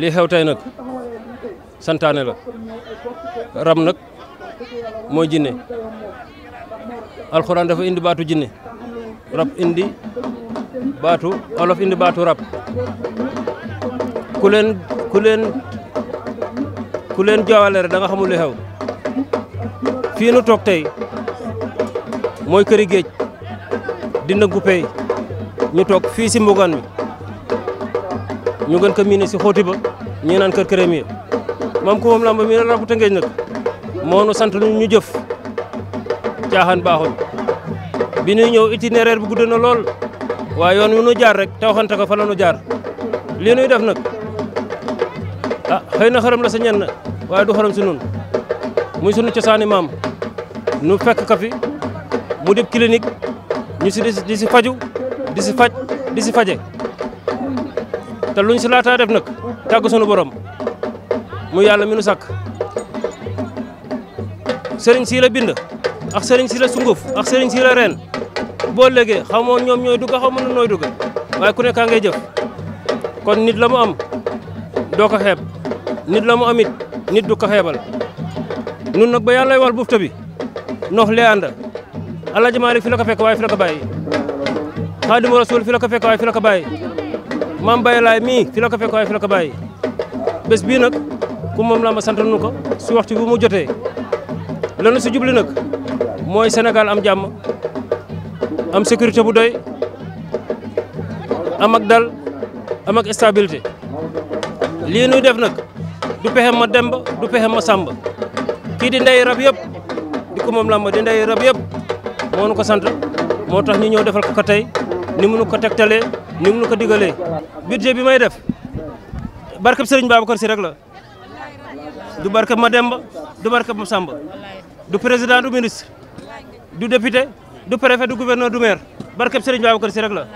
li xew tey nag santaane la rab nag mooy jinne alxuraan dafa indi baatu jinne rab indi baatu olof indi baatu rab ku leen ku leen ku leen jaawale rek da nga toog tey mooy këri géej di ndëggu pey ñu toog fii si mbugaan mi ñu gën ko miné si xoti ba ñi naan kër kërémiye mam ko mom lamba mi nag te tëngeej nak mo nu sant lu ñu jëf caaxaan baaxul bi ñu ñëw itinéraire bu gudd lool wa yoon wi ñu jaar rek ko fa la ñu jaar li ñuy def nak ah xeyna xaram la sa ñen wa du xaram si muy sunu saani mam nu fekk ka fi mu dib clinique ñu ci di ci faju di ci faj di ci faje te luñ si laataa def nag tàgg sunu borom mu yàlla mi nu sàkk sëriñ sii la bind ak sëriñ si la sunguf ak sëriñ si reen boo léegi xamoo ñoom ñooy dugg xaw ma nu nooy dugg waaye ku nekkaa ngay jëf kon nit la mu am doo ko xeeb nit la mu amit nit du ko xeebal nun nag ba yàlla wal bufta bi noox lee ànd Alaaji Maalik fi la ko fekk waaye fi la ko bàyyi Xaadimu maam Baye Laay mii fi la ko fekk waaye ko bàyyi bés bii nag ku moom làmb sant nu ko si waxtu bi mu jotee lanu si jubli nag mooy Sénégal am jàmm am sécurité bu doy am ak dal am ak stabilité lii nuy def nag du pexe ma demb du pexe ma sàmb kii di ndey rab yëpp di ko moom làmb di ndey rab yëpp moo nu ko sant moo tax ñu ñëw defal ko ko tey ni mu nu ko tegtalee ni mu ko digalee budget bi may def barkab Serigne Babacar si rek la du barkab Mademba du barkab Samba du président du ministre du député du préfet du gouverneur du maire barkab Serigne Babacar si rek la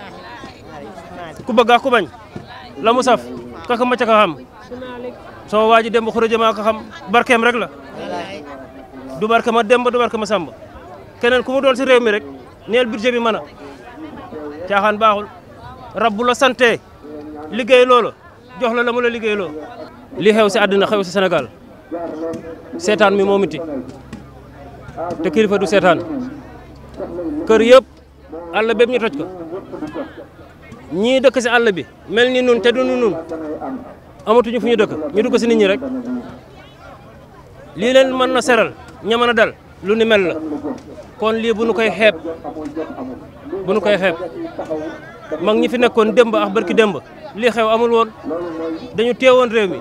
ku bëgg ak ku bañ la mu saf kaka ma ca ko xam so waji dem ba xurëjë maa ko xam barkeem rek la du barke ma dem ba du barke ma sàmb keneen ku mu doon ci rew mi rek neel budget bi baaxul rabbu santai, la santé liggéey lolu jox la la mu la liggéey lolu li xew ci aduna xew ci Sénégal sétane mi momiti te kilifa du sétane kër yépp alla bépp ñu toj ko ñi dëkk ci alla bi mel nun té du nun amatuñu fu ñu dëkk ñu dugg ci nit ñi rek li leen mën na seral ña mëna dal lu ni mel kon li bu nu koy xeeb bu nu koy mag ñi fi nekkoon démb ak barki démb lii xew amul woon dañu teewoon réew mi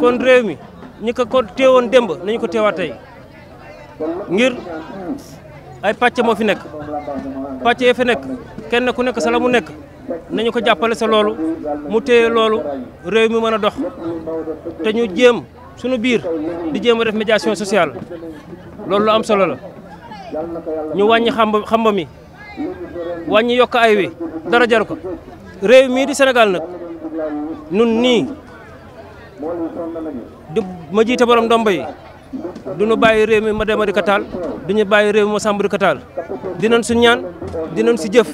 kon réew mi ñi ko ko teewoon démb nañu ko teewaat tey ngir ay pàcc moo fi nekk pàcc yi fi nekk kenn ku nekk sa mu nekk nañu ko jàppale sa loolu mu téye loolu réew mi mën a dox te ñu jéem sunu biir di jéem a def médiation sociale loolu lu am solo la ñu wàññi xamba xamba mi wàññi yokk ay wi dara jaru ko rew mi di senegal nak nun ni di ma jita borom ndomba yi du nu katal, rew mi ma dem di du ñu baye rew mo sambu katal di ko ñaan si jëf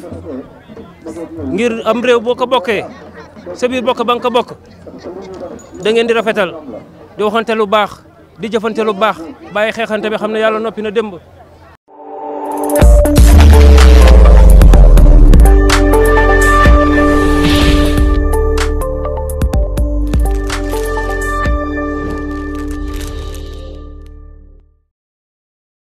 ngir am rew boko ko sa bir bokk ba nga ko bokk da ngeen di rafetal di waxante lu baax di jëfante lu baax baye xexante bi xamna yalla nopi na demb